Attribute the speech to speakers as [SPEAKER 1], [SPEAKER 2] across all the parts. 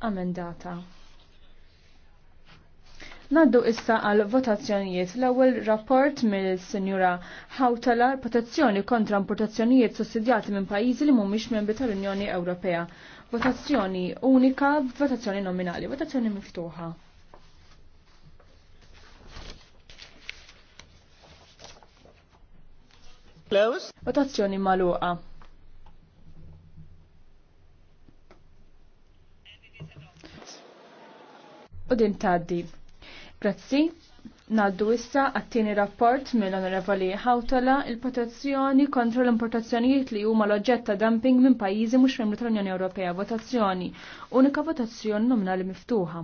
[SPEAKER 1] amendata. Naddu issa għal votazzjonijiet l-ewwel rapport mill-Sinjura Hautala protezzjoni kontra importazzjonijiet sussidjati minn pajjiżi li mhumiex membri tal-Unjoni Ewropea. Votazzjoni unika, votazzjoni nominali, votazzjoni miftuħa. Close. Votazzjoni maluqa. u din taddi. Grazzi, naddu issa għattini rapport mill onorevoli Hawtola il-protezzjoni kontra l-importazzjonijiet li huma l-oġġett ta' dumping minn pajjiżi mhux membri tal-Unjoni Ewropea. Votazzjoni, unika votazzjoni nominali miftuħa.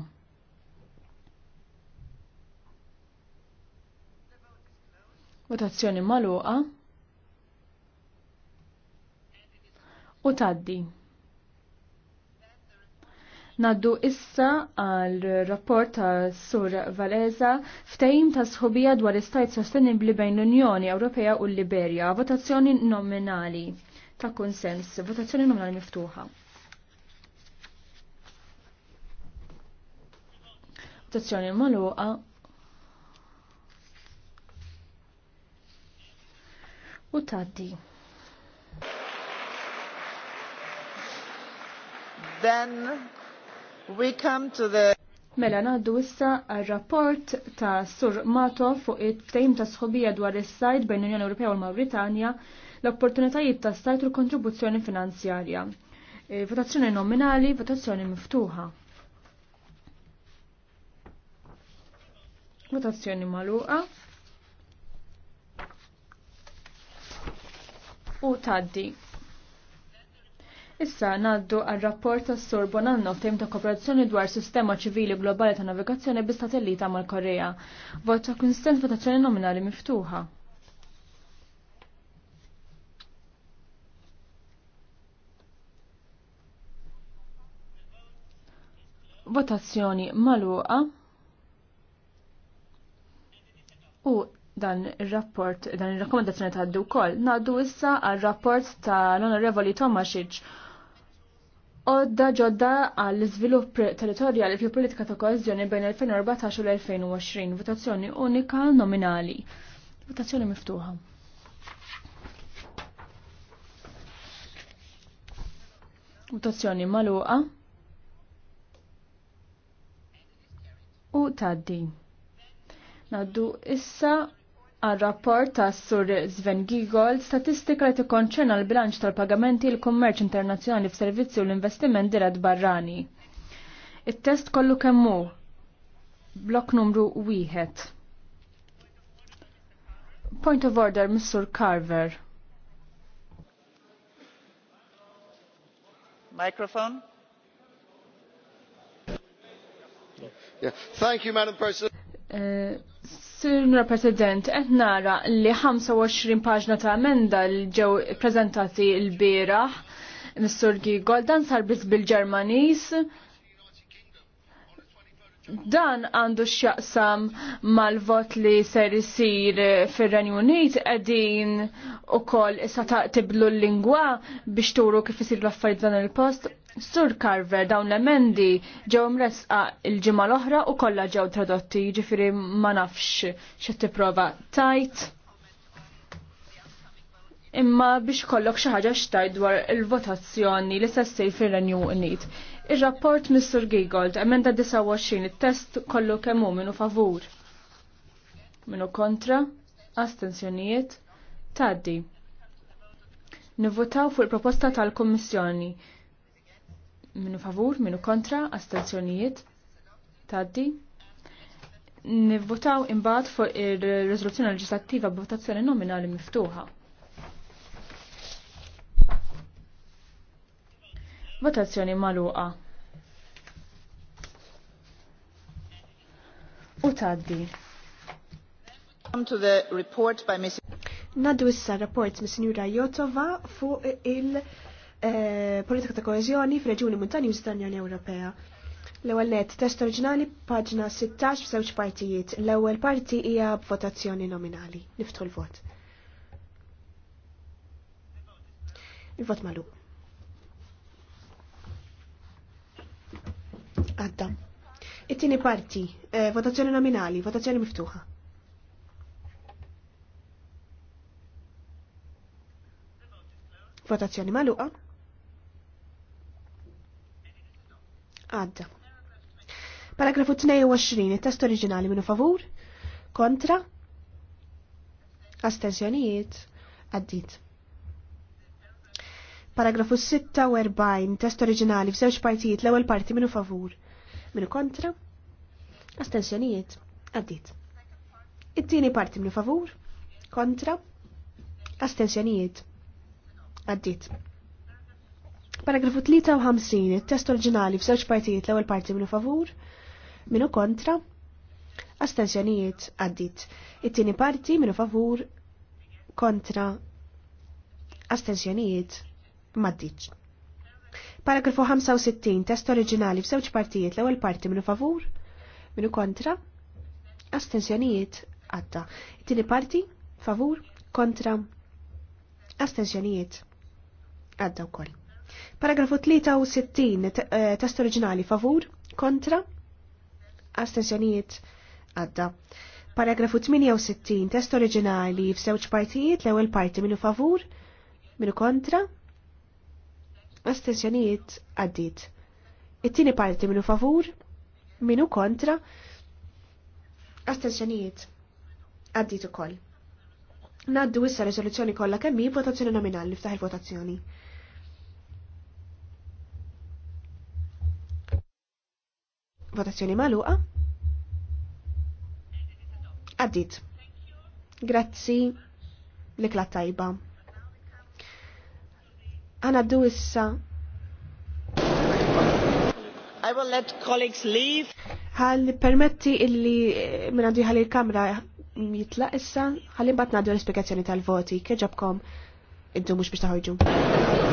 [SPEAKER 1] Votazzjoni maluqa u taddi. Naddu issa għal rapport ta' Sur Valeza ftejim ta' sħobija dwar istajt sostenibli bejn l-Unjoni Ewropea u l-Liberja, votazzjoni nominali ta' konsens, votazzjoni nominali miftuħa. Votazzjoni maluqa. U taddi. Then We come to the Mela naddu issa għal-rapport ta' Sur Mato fuq it-tejm ta' sħobija dwar is-sajt bejn l-Unjoni Ewropea u l-Mawritanja l-opportunitajiet ta' sajt u l-kontribuzzjoni finanzjarja. E, votazzjoni nominali, votazzjoni miftuħa. Votazzjoni maluqa. U taddi. Issa naddu għal rapport tas Sur Bonanno f'tejm ta' kooperazzjoni dwar sistema ċivili globali ta' navigazzjoni bi satellita mal-Korea. Vota kunstant votazzjoni nominali miftuħa. Votazzjoni maluqa u dan il-rapport, dan il-rakkomandazzjoni ta' d-dukoll, Naddu issa għal rapport ta' l-Onorevoli Tomasic Odda ġodda għall iżvilupp territorjali fil politika ta' koezjoni bejn 2014 u 2020 votazzjoni unika nominali. Votazzjoni miftuħa. Votazzjoni maluqa. U taddi. Naddu issa għal rapport ta' Sur Sven Gigol, statistika li tikkonċerna l-bilanċ tal-pagamenti l-kummerċ internazzjonali f'servizzi u l-investiment dirett barrani. It-test kollu kemmu. Blok numru wieħed. Point of order, Mr. Carver. Microphone. Yeah. Thank
[SPEAKER 2] you, Madam President.
[SPEAKER 1] Uh, Sirnur President, qed nara li 25 paġna ta' emenda li ġew prezentati l-bieraħ Mr. Gigol dan sar biss bil-Ġermanis dan għandu x'jaqsam mal-vot li ser isir fir-Renju Unit qegħdin ukoll issa taqtiblu l-lingwa biex turu kif isir l-affarijiet dan il-post Sur Carver dawn l-emendi ġew mresqa il-ġimgħa l-oħra u kollha ġew tradotti, jiġifieri ma nafx x'qed tipprova tajt. Imma biex kollok xi ħaġa xtajt dwar il-votazzjoni li se ssir fir-Renew Unit. Ir-rapport Mr. Giegold, emenda 29, it-test kollu kemm hu minnu favur. Minu kontra, astensjonijiet, taddi. Nivvotaw fuq il-proposta tal-Kommissjoni. Minu favur, minu kontra, astenzjonijiet, taddi. Nivvotaw imbagħad fuq ir-riżoluzzjoni leġislattiva b'votazzjoni nominali miftuħa. Votazzjoni maluqa. U taddi.
[SPEAKER 2] Naddu issa rapport mis-Sinjura Jotova fuq il- Eh, politika ta' koezjoni f'reġjuni Muntani tal-Unjoni Ewropea. L-ewwel net test oriġinali paġna 16 f'żewġ partijiet. L-ewwel parti hija b'votazzjoni nominali. Niftħu l-vot. Il-vot magħluq. Għadda. It-tieni parti, eh, votazzjoni nominali, votazzjoni miftuħa. Votazzjoni maluqa. Għadda. Paragrafu 22, il-test oriġinali minu favur, kontra, astensjonijiet, għaddit. Paragrafu 46, test oriġinali f'żewġ partijiet, l-ewwel parti minu favur, minu kontra, astensjonijiet, għaddit. It-tieni parti minu favur, kontra, astensjonijiet, Għaddit. Paragrafu 53, il-test oriġinali f'żewġ partijiet l-ewwel parti minu favur, minu kontra, astensjonijiet għaddit. It-tieni parti minu favur, kontra, astensjonijiet maddiċ. Paragrafu 65, test oriġinali f'żewġ partijiet l-ewwel parti minu favur, minu kontra, astensjonijiet għadda. It-tieni parti favur, kontra, astensjonijiet Għadda wkoll. Paragrafu 63 eh, test oriġinali favur, kontra, astensjonijiet għadda. Paragrafu 68 test oriġinali f'sewċ partijiet l-ewwel parti minu favur, minu kontra, astensjonijiet għaddit. It-tieni parti minu favur, minu kontra, astensjonijiet għaddit ukoll. Naddu issa risoluzzjoni kollha kemm votazzjoni nominali ftaħ il-votazzjoni. Votazzjoni maluqa. Għaddit. Grazzi l-ikla tajba. Għanaddu issa I will let colleagues leave. Għalli permetti illi eh, minna diħal il-kamra jitla issa, Għalli imbat naddu l-spiegazzjoni tal-voti, keġabkom iddu mux biex taħħuġu.